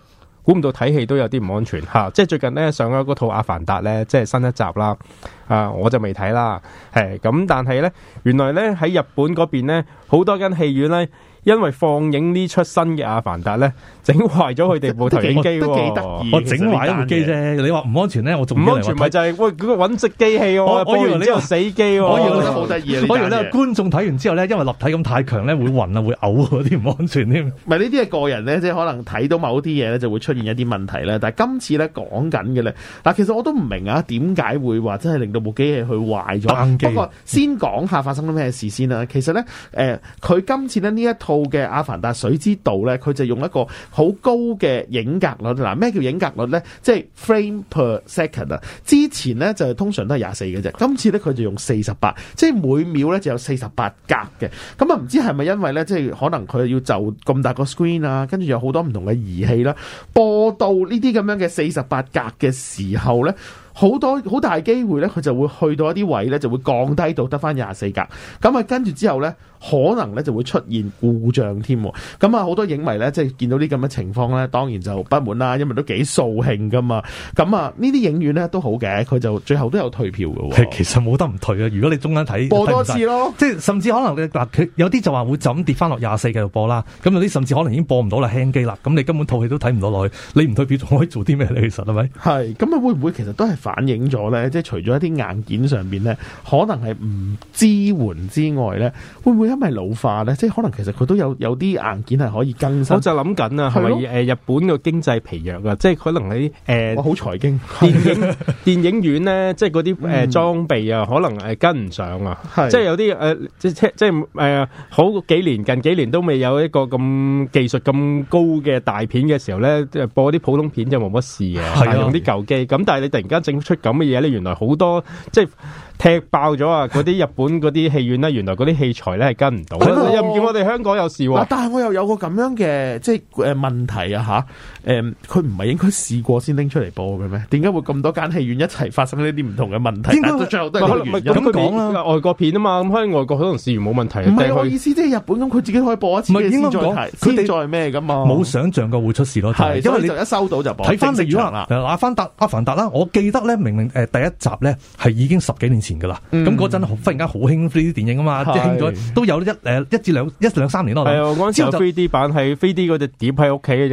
估唔到睇戲都有啲唔安全吓、啊。即係最近咧上咗嗰套阿凡達咧，即係新一集啦。啊，我就未睇啦。係， [LAUGHS] 咁但係咧，原來咧喺日本嗰邊咧，好多間戲院咧。因為放映呢出新嘅《阿凡達、啊》咧，整壞咗佢哋部投影機，都幾得意。我整壞一部機啫，你話唔安全咧？我仲唔安全咪就係、是、喂嗰個穩食機器、啊，我以為你後死機，我完得好得意。我以為呢觀眾睇完之後咧、啊啊，因為立體感太強咧，會暈啊，會嘔嗰啲唔安全添、啊。唔係呢啲係個人咧，即係可能睇到某啲嘢咧，就會出現一啲問題呢。但係今次咧講緊嘅咧，嗱，其實我都唔明啊，點解會話真係令到部機器去壞咗？不過先講下發生咗咩事先啦。其實咧，誒、呃，佢今次呢，呢一套。嘅《阿凡達水之道》咧，佢就用一個好高嘅影格率。嗱，咩叫影格率咧？即係 frame per second 啊。之前咧就通常都係廿四嘅啫，今次咧佢就用四十八，即係每秒咧就有四十八格嘅。咁啊，唔知係咪因為咧，即係可能佢要就咁大個 screen 啊，跟住有好多唔同嘅儀器啦，播到呢啲咁樣嘅四十八格嘅時候咧，好多好大機會咧，佢就會去到一啲位咧，就會降低到得翻廿四格。咁啊，跟住之後咧。可能咧就會出現故障添，咁啊好多影迷咧即係見到啲咁嘅情況咧，當然就不滿啦，因為都幾掃興㗎嘛。咁啊呢啲影院咧都好嘅，佢就最後都有退票嘅。其實冇得唔退啊，如果你中間睇播多次咯，即係甚至可能嘅嗱，佢有啲就話會就跌翻落廿四繼續播啦。咁有啲甚至可能已經播唔到啦，輕機啦，咁你根本套戲都睇唔到落去，你唔退票仲可以做啲咩咧？其實係咪？係咁啊？會唔會其實都係反映咗咧？即係除咗一啲硬件上面咧，可能係唔支援之外咧，會唔會？因為老化咧，即係可能其實佢都有有啲硬件係可以更新。我就諗緊啊，係咪誒日本個經濟疲弱啊？即係可能你誒，好、呃、財經電影 [LAUGHS] 電影院咧，即係嗰啲誒裝備啊，可能誒跟唔上啊。即係有啲誒、呃、即即即誒、呃、好幾年近幾年都未有一個咁技術咁高嘅大片嘅時候咧，即係播啲普通片就冇乜事嘅，係用啲舊機。咁但係你突然間整出咁嘅嘢咧，原來好多即係。踢爆咗啊！嗰啲日本嗰啲戲院咧， [LAUGHS] 原來嗰啲器材咧係跟唔到，哦，又唔見我哋香港有事喎，啊。但係我又有個咁樣嘅即係誒、呃、問題啊嚇誒、嗯，佢唔係應該試過先拎出嚟播嘅咩？點解會咁多間戲院一齊發生呢啲唔同嘅問題？應該最後都係個原因。咁講啦，外國片啊嘛，咁開外國可能試完冇問題。唔係我意思，即係日本咁，佢自己可以播一次嘅先再睇，再咩噶嘛？冇想象過會出事咯，就是。因為你一收到就睇翻。如果阿凡達阿凡達啦，我記得咧，明明誒第一集咧係已經十幾年前噶啦。咁嗰陣忽然間好興呢啲電影啊嘛，即都有一誒一至兩一兩三年時 3D 版係 3D 嗰隻碟喺屋企嘅，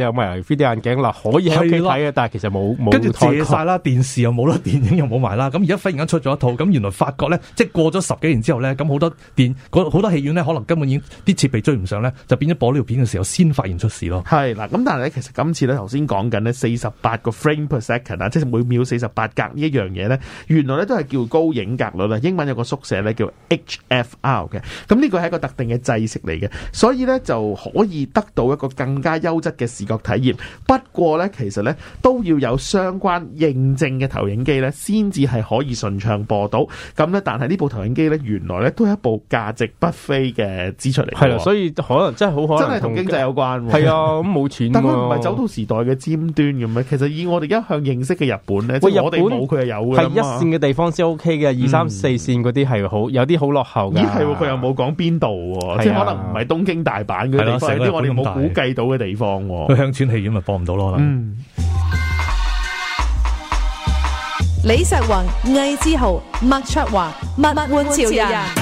有鏡啦，可以喺屋企睇嘅，但係其實冇冇跟住借晒啦，電視又冇啦，電影又冇埋啦。咁而家忽然間出咗一套，咁原來發覺咧，即係過咗十幾年之後咧，咁好多電，嗰好多戲院咧，可能根本已經啲設備追唔上咧，就變咗播呢條片嘅時候，先發現出事咯。係啦，咁但係咧，其實今次咧，頭先講緊呢，四十八個 frame per second 啊，即係每秒四十八格呢一樣嘢咧，原來咧都係叫高影格率啦。英文有個縮寫咧，叫 HFR 嘅，咁呢個係一個特定嘅制式嚟嘅，所以咧就可以得到一個更加優質嘅視覺體驗。不過咧，其實咧都要有相關認證嘅投影機咧，先至係可以順暢播到。咁咧，但係呢部投影機咧，原來咧都係一部價值不菲嘅支出嚟。係啦，所以可能真係好可能真係同經濟有關。係啊，咁冇錢。但佢唔係走到時代嘅尖端咁啊？其實以我哋一向認識嘅日本咧，即我哋冇佢係有嘅。係一線嘅地方先 OK 嘅，二三四線嗰啲係好有啲好落後。咦？係佢又冇講邊度，即係可能唔係東京大阪嗰啲地方，有啲我哋冇估計到嘅地方，啊。佢鄉村戲院咪幫？唔到咯，嗯。李石雲、魏志豪、麥卓華、默默換潮人。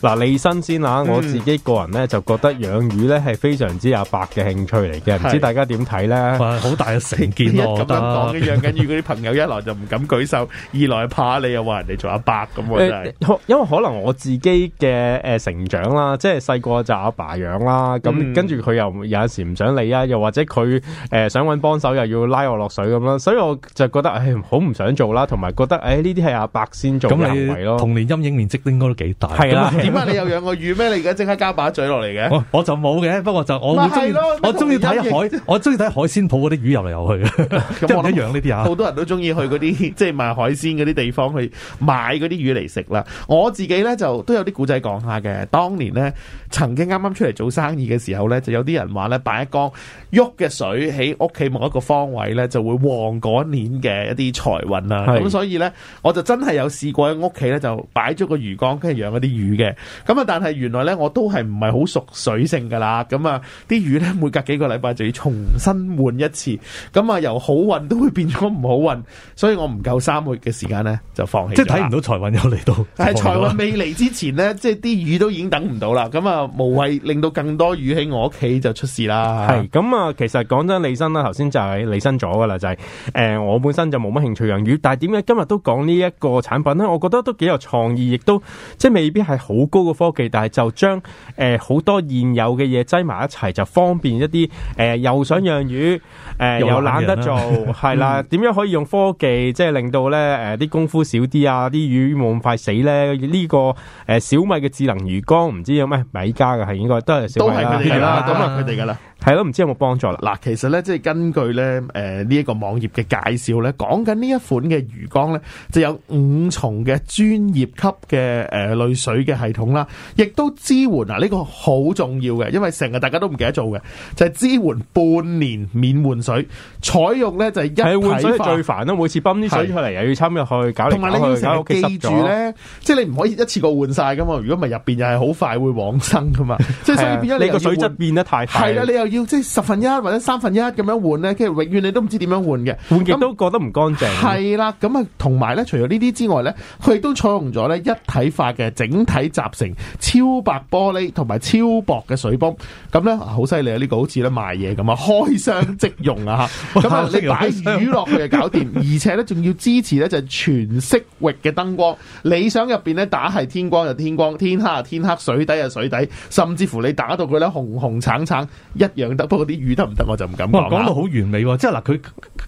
嗱，你新鮮啦，我自己個人咧，嗯、就覺得養魚咧係非常之阿伯嘅興趣嚟嘅，唔知大家點睇咧？好大嘅成見咯，咁講嘅養緊魚嗰啲朋友一來就唔敢舉手， [LAUGHS] 二來怕你又話人哋做阿伯咁啊，欸！因為可能我自己嘅誒成長啦，即係細個就阿爸養啦，咁，嗯、跟住佢又有時唔想理啊，又或者佢誒想搵幫手又要拉我落水咁啦，所以我就覺得好唔想做啦，同埋覺得誒呢啲係阿伯先做難為咯。你童年陰影面積應該都幾大，係啦。乜你又養個魚咩？你而家即刻加把嘴落嚟嘅？我就冇嘅，不過就我中意，我中意睇海， [LAUGHS] 我中意睇海鮮鋪嗰啲魚游嚟游去嘅。咁、 [LAUGHS] 嗯嗯、 [LAUGHS] 我點養呢啲啊？好多人都中意去嗰啲 [LAUGHS] 即係賣海鮮嗰啲地方去買嗰啲魚嚟食啦。 [LAUGHS] 我自己咧就都有啲古仔講下嘅。當年咧曾經啱啱出嚟做生意嘅時候咧，就有啲人話咧擺一缸喐嘅水喺屋企某一個方位咧，就會旺嗰年嘅一啲財運啦。咁所以咧，我就真係有試過喺屋企咧就擺咗個魚缸，跟住養一啲魚嘅。咁啊！但係原來咧，我都係唔係好熟水性噶啦。咁啊，啲魚咧，每隔幾個禮拜就要重新換一次。咁啊，由好運都會變咗唔好運，所以我唔夠三個月嘅時間咧，就放棄。即係睇唔到財運又嚟，到係財運未嚟之前咧，即係啲魚都已經等唔到啦。咁啊，無謂令到更多魚喺我屋企就出事啦。係咁啊，其實講真，李生啦，頭先就係李生咗噶啦，就係、是、誒、呃，我本身就冇乜興趣養魚，但係點解今日都講呢一個產品咧？我覺得都幾有創意，亦都即係未必係好高嘅科技，但係就將誒好多現有嘅嘢擠埋一齊，就方便一啲誒、呃，又想養魚誒、呃，又懶得做，係啦。點、嗯、樣可以用科技即係、就是、令到咧誒啲功夫少啲啊，啲魚冇咁快死咧？呢、這個誒、呃、小米嘅智能魚缸唔知有咩？米家嘅係應該都係小米，都係佢哋啦，咁啊佢哋噶啦。對啦。係咯，唔知有冇幫助啦？嗱，其實咧，即係根據咧，誒呢一個網頁嘅介紹咧，講緊呢一款嘅魚缸咧，就有五重嘅專業級嘅誒濾水嘅系統啦，亦都支援啊！呢、這個好重要嘅，因為成日大家都唔記得做嘅，就係、是、支援半年免換水，採用咧就係一換水，最煩啦，每次泵啲水出嚟又要侵入去搞，同埋你要成日記住咧，即係你唔可以一次過換晒噶嘛，如果唔係入邊又係好快會往生噶嘛，即係所以變咗你個水質變得太太係啦，你要即係十分一或者三分一咁樣換呢，跟住永遠你都唔知點樣換嘅，換極都過得唔乾淨。係啦，咁啊同埋呢，除咗呢啲之外呢，佢亦都採用咗呢一體化嘅整體集成超白玻璃同埋超薄嘅水泵。咁呢，好犀利啊！呢個好似咧賣嘢咁啊，開箱即用啊嚇！咁啊， [LAUGHS] 你擺魚落去就搞掂，而且呢仲要支持呢就全色域嘅燈光。 [LAUGHS] 理想入邊呢，打係天光就天光，天黑啊天黑，水底就水底，甚至乎你打到佢呢紅紅橙橙一。養得不過啲魚得唔得我就唔敢講。講到好完美，即係嗱佢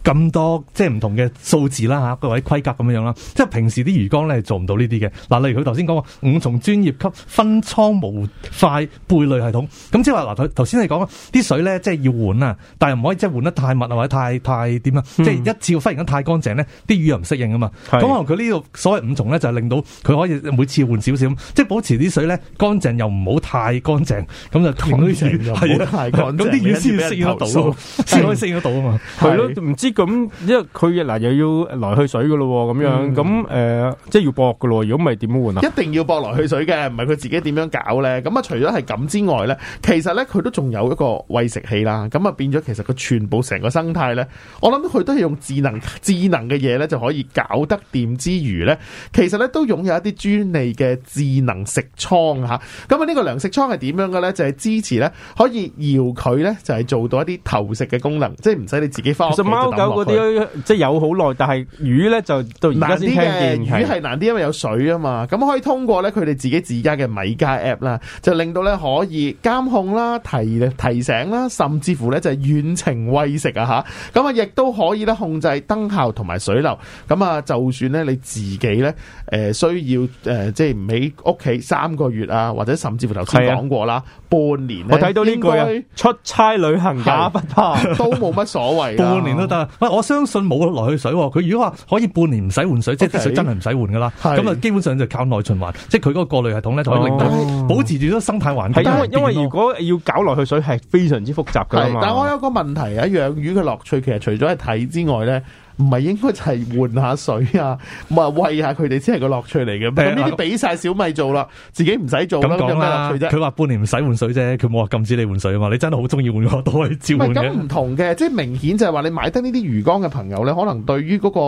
咁多即係唔同嘅數字啦，各位規格咁樣啦。即係平時啲魚缸咧做唔到呢啲嘅。嗱，例如佢頭先講話五重專業級分倉模塊貝類系統，咁即係話嗱，佢頭先你講啲水咧即係要換啊，但係唔可以即係換得太密或者太太點啊、嗯？即係一次要忽然間太乾淨咧，啲魚又唔適應啊嘛。咁可能佢呢度所謂五重咧就係令到佢可以每次換少少，即係保持啲水咧乾淨又唔好太乾淨，咁就太咁啲嘢先要升得到，先可以升得到啊嘛。係咯，唔 [LAUGHS] 知咁，因為佢嗱又要來去水噶咯，咁樣咁誒，即、嗯、係、呃就是、要搏噶咯。如果唔係點換啊？一定要搏來去水嘅，唔係佢自己點樣搞咧。咁啊，除咗係咁之外咧，其實咧佢都仲有一個喂食器啦。咁啊，變咗其實佢全部成個生態咧，我諗佢都係用智能智能嘅嘢咧，就可以搞得掂之餘咧，其實咧都擁有一啲專利嘅智能食倉吓。咁啊，呢個糧食倉係點樣嘅咧？就係、是、支持咧，可以遙控。佢咧就係做到一啲投食嘅功能，即係唔使你自己翻屋企抌落去。其實貓狗嗰啲即係有好耐，但係魚咧就到而家先聽見。魚係難啲，因為有水啊嘛。咁可以通過咧佢哋自己自家嘅米家 app 啦，就令到咧可以監控啦、提提醒啦，甚至乎咧就係遠程餵食啊吓。咁啊，亦都可以咧控制燈效同埋水流。咁啊，就算咧你自己咧誒需要誒，即係唔喺屋企三個月啊，或者甚至乎頭先講過啦，半年咧，我睇到呢句啊出。差旅行假不怕，都冇乜所謂。 [LAUGHS] 半年都得，我相信冇落去水。佢如果話可以半年唔使換水，即係啲水真係唔使換噶啦。咁啊，就基本上就靠內循環，即係佢嗰個過濾系統咧，就可以令到、哦、保持住咗生態環境。因為因為如果要搞落去水，係非常之複雜噶。但係我有一個問題啊，養魚嘅樂趣其實除咗係睇之外咧。唔係應該就係換下水啊，咪喂下佢哋先係個樂趣嚟嘅。咁呢啲俾晒小米做啦，自己唔使做啦。咁講啫，佢話半年唔使換水啫，佢冇話禁止你換水啊嘛。你真係好中意換個袋嚟照換嘅。唔、嗯、同嘅，即係明顯就係話你買得呢啲魚缸嘅朋友咧，可能對於嗰個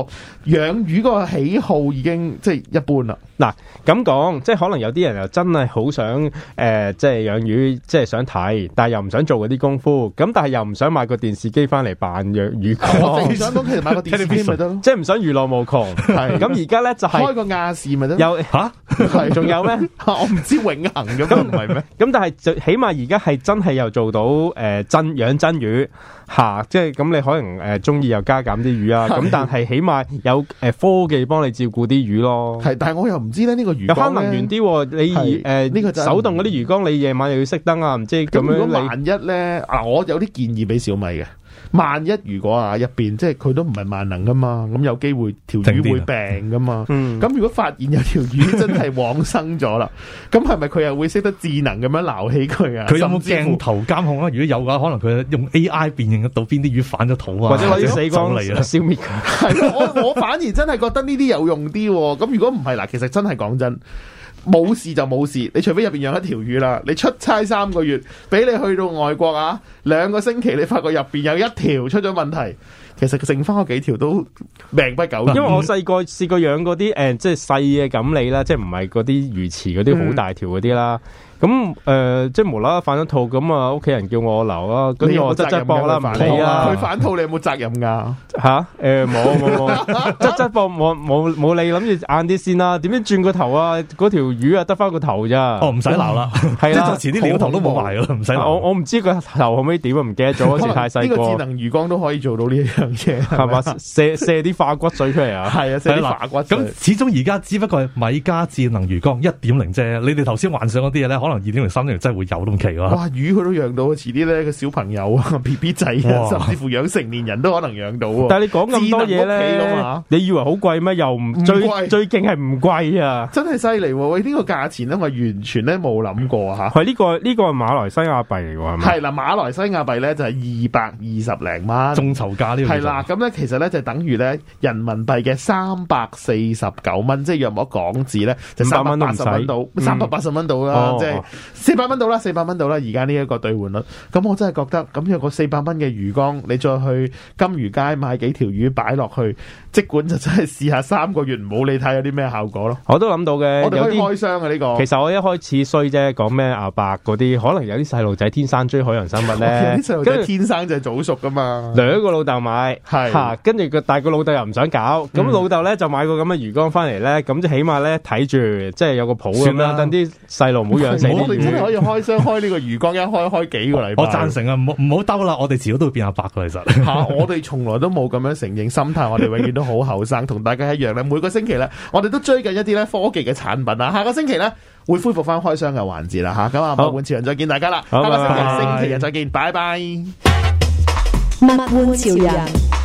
養魚個喜好已經、就是、半即係一般啦。嗱，咁講即係可能有啲人又真係好想誒，即、呃、係、就是、養魚，即、就、係、是、想睇，但係又唔想做嗰啲功夫，咁但係又唔想買個電視機翻嚟扮養魚缸。嗯、想講，其實買個電。 [LAUGHS] 咪得咯？即係唔想魚樂無窮，係咁而家咧就係開個亞視咪得。有吓，係、啊、仲有咩？ [LAUGHS] 我唔知永恒咁，唔係咩？咁但係起碼而家係真係又做到誒、呃，真養真魚吓、啊，即係咁你可能誒中意又加減啲魚啊。咁但係起碼有誒、呃、科技幫你照顧啲魚咯。係，但係我又唔知咧呢、這個魚缸呢。有可能完啲，你誒呢、呃這個手動嗰啲魚缸，你夜晚又要熄燈啊？唔知咁。如果萬一咧、啊，我有啲建議俾小米嘅。萬一如果啊，入邊即係佢都唔係萬能噶嘛，咁有機會條魚會病噶嘛，咁、嗯、如果發現有條魚真係往生咗啦，咁係咪佢又會識得智能咁樣撈起佢啊？佢有冇鏡頭監控啊？如果有嘅話，可能佢用 A I 辨認得到邊啲魚反咗肚啊，或者可以死光嚟啊消滅佢。係 [LAUGHS] 我我反而真係覺得呢啲有用啲、啊。咁如果唔係嗱，其實真係講真。冇事就冇事，你除非入邊有一條魚啦。你出差三個月，俾你去到外國啊，兩個星期你發覺入邊有一條出咗問題，其實剩翻嗰幾條都命不久。因為我細個試過養嗰啲誒，即係細嘅錦鯉啦，即係唔係嗰啲魚池嗰啲好大條嗰啲啦。嗯咁誒、呃，即係無啦啦反咗套，咁啊屋企人叫我留啦，咁我側側膊啦。你啊，佢反套你有冇責任噶吓？誒、啊，冇、呃、冇，側側膊冇冇冇理，諗住晏啲先啦、啊。點知轉個頭啊，嗰條魚啊得翻個頭咋？哦，唔使留啦，係、嗯、啦，嗯、即遲啲條頭都冇埋咯，唔、嗯、使、啊。我我唔知個頭後尾點啊，唔記得咗好似太細個。智能魚缸都可以做到呢樣嘢，係嘛？ [LAUGHS] 射射啲化骨水出嚟啊！係啊，射啲化骨水。咁始終而家只不過係米家智能魚缸一點零啫。你哋頭先幻想嗰啲嘢咧，可能。二點零、三點零真係會有咁奇嘅、啊？哇！魚佢都養到，遲啲咧個小朋友 BB 仔，甚至乎養成年人都可能養到。但係你講咁多嘢咧，你以為好貴咩？又唔最最勁係唔貴啊！真係犀利喎！喂，呢、呢個價錢咧，我完全咧冇諗過吓、啊。係呢、呢個呢、呢個馬來西亞幣嚟嘅係嘛？係啦，馬來西亞幣咧就係二百二十零蚊眾籌價呢？係、就是、啦，咁咧其實咧就等於咧人民幣嘅三百四十九蚊，即係約莫港紙咧就三百八十蚊到，三百八十蚊到啦，即、哦、係、哦。就是四百蚊到啦，四百蚊到啦！而家呢一個兌換率，咁我真係覺得，咁有個四百蚊嘅魚缸，你再去金魚街買幾條魚擺落去，即管就真係試下三個月，唔好你睇有啲咩效果咯。我都諗到嘅，有啲開箱啊呢、這個。其實我一開始衰啫，講咩阿伯嗰啲，可能有啲細路仔天生追海洋生物咧。啲細路仔天生就早熟噶嘛。兩個老豆買，係吓，跟住個但個老豆又唔想搞，咁、嗯、老豆咧就買個咁嘅魚缸翻嚟咧，咁就起碼咧睇住，即係有個譜。算啦，等啲細路唔好養我哋真係可以開箱， [LAUGHS] 開呢個魚缸一開，開幾個禮拜。我贊成啊，唔好唔好兜啦，我哋遲早都會變阿白噶，其實吓、 [LAUGHS] 啊。我哋從來都冇咁樣承認心態，我哋永遠都好後生，同大家一樣咧。每個星期咧，我哋都追緊一啲咧科技嘅產品啊。下個星期咧會恢復翻開箱嘅環節啦，吓。咁啊，麥滿潮人再見大家啦，下個星期、bye、星期日再見，拜拜。麥滿潮人。